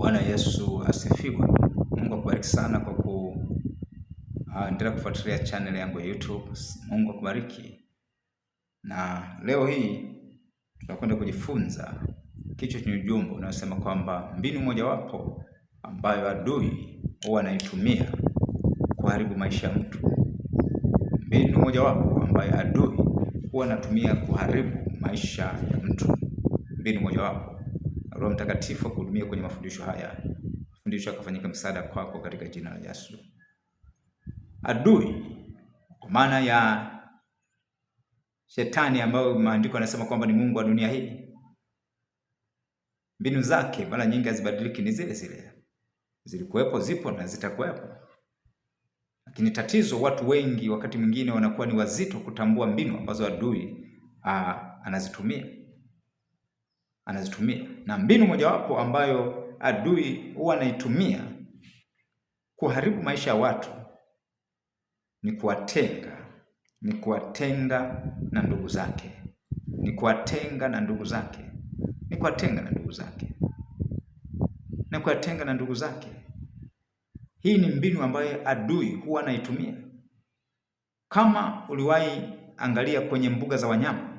Bwana Yesu asifiwe. Mungu akubariki sana kwa kuendelea ah, uh, kufuatilia channel yangu ya YouTube. Mungu akubariki. Na leo hii tutakwenda kujifunza kichwa chenye ujumbe unaosema kwamba mbinu mojawapo ambayo adui huwa anaitumia kuharibu maisha ya mtu. Mbinu mojawapo ambayo adui huwa anatumia kuharibu maisha ya mtu, mbinu mojawapo Roho Mtakatifu akuhudumie kwenye mafundisho haya, mafundisho yakafanyika msaada kwako katika jina la Yesu. Adui kwa maana ya shetani, ambayo maandiko yanasema kwamba ni mungu wa dunia hii, mbinu zake mara nyingi hazibadiliki, ni zile zile, zilikuwepo, zipo na zitakuwepo. Lakini tatizo, watu wengi wakati mwingine wanakuwa ni wazito kutambua mbinu ambazo adui ah, anazitumia anazitumia, na mbinu mojawapo ambayo adui huwa anaitumia kuharibu maisha ya watu ni kuwatenga, ni kuwatenga na ndugu zake, ni kuwatenga na ndugu zake, ni kuwatenga na ndugu zake, ni kuwatenga na ndugu zake. Hii ni mbinu ambayo adui huwa anaitumia. Kama uliwahi angalia kwenye mbuga za wanyama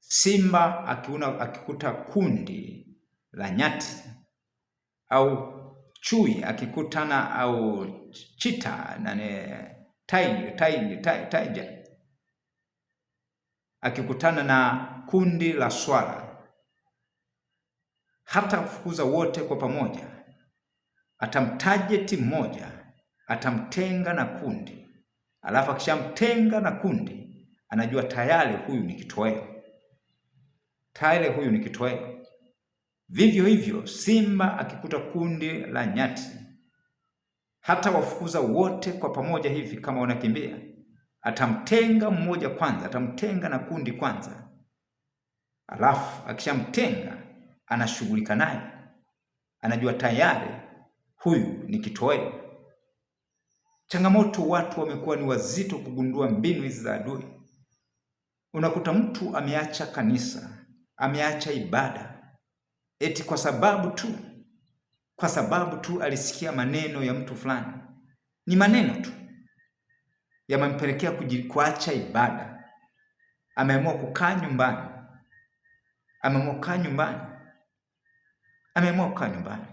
simba akiuna, akikuta kundi la nyati au chui akikutana au chita na tai tiger, tiger, tiger akikutana na kundi la swala, hata kufukuza wote kwa pamoja, atamtajeti mmoja, atamtenga na kundi, alafu akishamtenga na kundi, anajua tayari huyu ni kitoweo tayari huyu ni kitoweo. Vivyo hivyo simba akikuta kundi la nyati hata wafukuza wote kwa pamoja hivi kama wanakimbia, atamtenga mmoja kwanza, atamtenga na kundi kwanza, alafu akishamtenga anashughulika naye, anajua tayari huyu ni kitoweo. Changamoto watu wamekuwa ni wazito kugundua mbinu hizi za adui. Unakuta mtu ameacha kanisa ameacha ibada eti kwa sababu tu kwa sababu tu alisikia maneno ya mtu fulani. Ni maneno tu yamempelekea kuacha ibada. Ameamua kukaa nyumbani, ameamua kukaa nyumbani, ameamua kukaa nyumbani,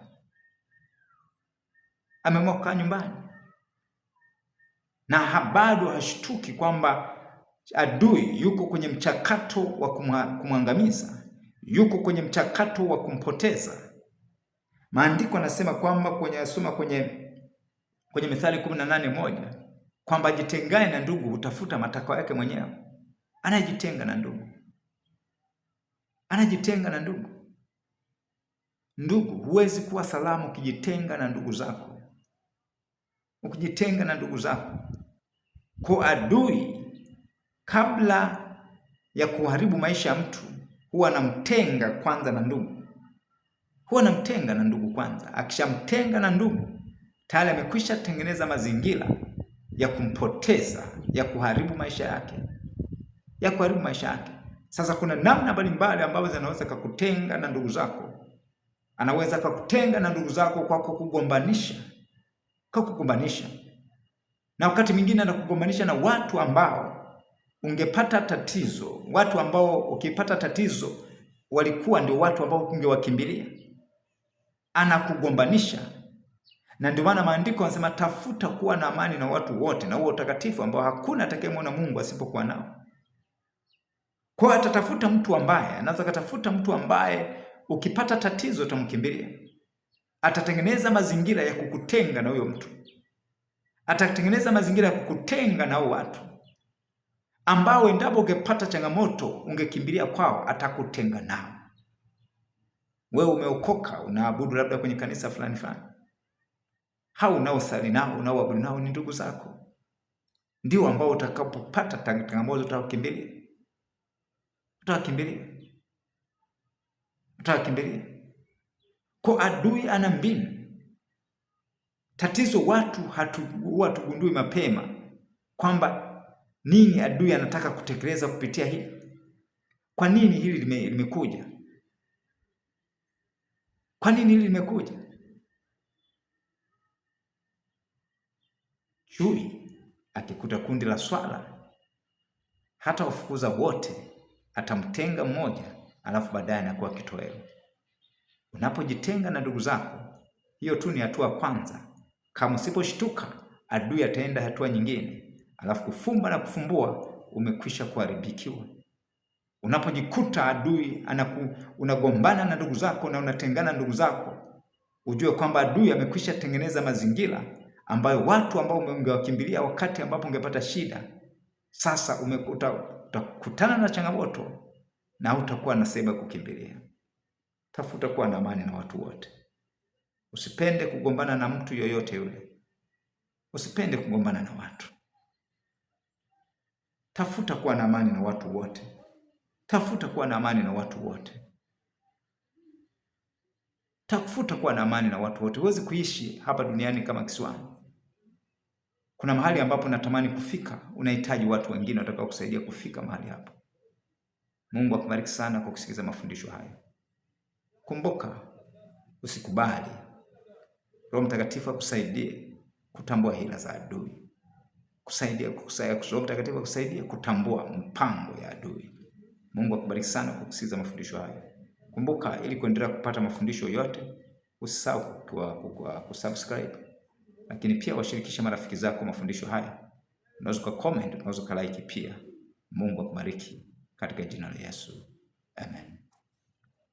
ameamua kukaa nyumbani na bado hashtuki kwamba Adui yuko kwenye mchakato wa kumwangamiza, yuko kwenye mchakato wa kumpoteza. Maandiko anasema kwamba kwenye soma kwenye kwenye Mithali kumi na nane moja kwamba ajitengae na ndugu hutafuta matakwa yake mwenyewe. Anajitenga na ndugu, anajitenga na ndugu. Ndugu, huwezi kuwa salama ukijitenga na ndugu zako, ukijitenga na ndugu zako. Kwa adui kabla ya kuharibu maisha ya mtu huwa anamtenga kwanza na ndugu, huwa anamtenga na ndugu kwanza. Akishamtenga na ndugu, tayari amekwisha tengeneza mazingira ya kumpoteza, ya kuharibu maisha yake, ya kuharibu maisha yake. Sasa kuna namna mbalimbali ambazo zinaweza kukutenga na ndugu zako. Anaweza kukutenga na ndugu zako kwa kukugombanisha, kwa kukugombanisha, na wakati mwingine anakugombanisha na watu ambao ungepata tatizo, watu ambao ukipata tatizo walikuwa ndio watu ambao ungewakimbilia, anakugombanisha. Na ndio maana maandiko yanasema tafuta kuwa na amani na watu wote na huo utakatifu ambao hakuna atakayemwona Mungu asipokuwa nao. Kwa atatafuta mtu ambaye anaweza katafuta mtu ambaye ukipata tatizo utamkimbilia. Atatengeneza mazingira ya kukutenga na huyo mtu, atatengeneza mazingira ya kukutenga na watu ambao endapo ungepata changamoto ungekimbilia kwao, atakutenga nao. Wewe umeokoka, unaabudu labda kwenye kanisa fulani fulani, hao unaosali nao unaoabudu nao ni ndugu zako, ndio ambao utakapopata changamoto utakimbilia, utawakimbilia utakimbilia. Kwa adui ana mbinu. Tatizo watu hatu, huwa hatugundui mapema kwamba nini adui anataka kutekeleza kupitia hili? Kwa nini hili limekuja? Kwa nini hili limekuja? Chui akikuta kundi la swala, hata wafukuza wote, atamtenga mmoja, alafu baadaye anakuwa kitoweo. Unapojitenga na ndugu zako, hiyo tu ni hatua kwanza. Kama usiposhtuka, adui ataenda hatua nyingine alafu kufumba na kufumbua umekwisha kuharibikiwa. Unapojikuta adui anaku, unagombana na ndugu zako na unatengana ndugu zako, ujue kwamba adui amekwisha tengeneza mazingira ambayo watu ambao ungewakimbilia wakati ambapo ungepata shida, sasa umekuta utakutana na changamoto na utakuwa na sehemu ya kukimbilia. Tafuta kuwa na amani na watu wote. Usipende kugombana na mtu yoyote yule, usipende kugombana na watu. Tafuta kuwa na amani na watu wote, tafuta kuwa na amani na watu wote, tafuta kuwa na amani na watu wote. Huwezi kuishi hapa duniani kama kisiwani. Kuna mahali ambapo natamani kufika, unahitaji watu wengine watakao kusaidia kufika mahali hapo. Mungu akubariki sana kwa kusikiliza mafundisho haya. Kumbuka, usikubali Roho Mtakatifu akusaidie kutambua hila za adui kusaidia kusaidia mtakatifu kusaidia kutambua mpango ya adui. Mungu akubariki sana kwa kusikiza mafundisho haya. Kumbuka, ili kuendelea kupata mafundisho yote, usisahau kusubscribe, lakini pia washirikishe marafiki zako mafundisho haya. Unaweza ku comment, unaweza ku like pia. Mungu akubariki katika jina la Yesu, amen.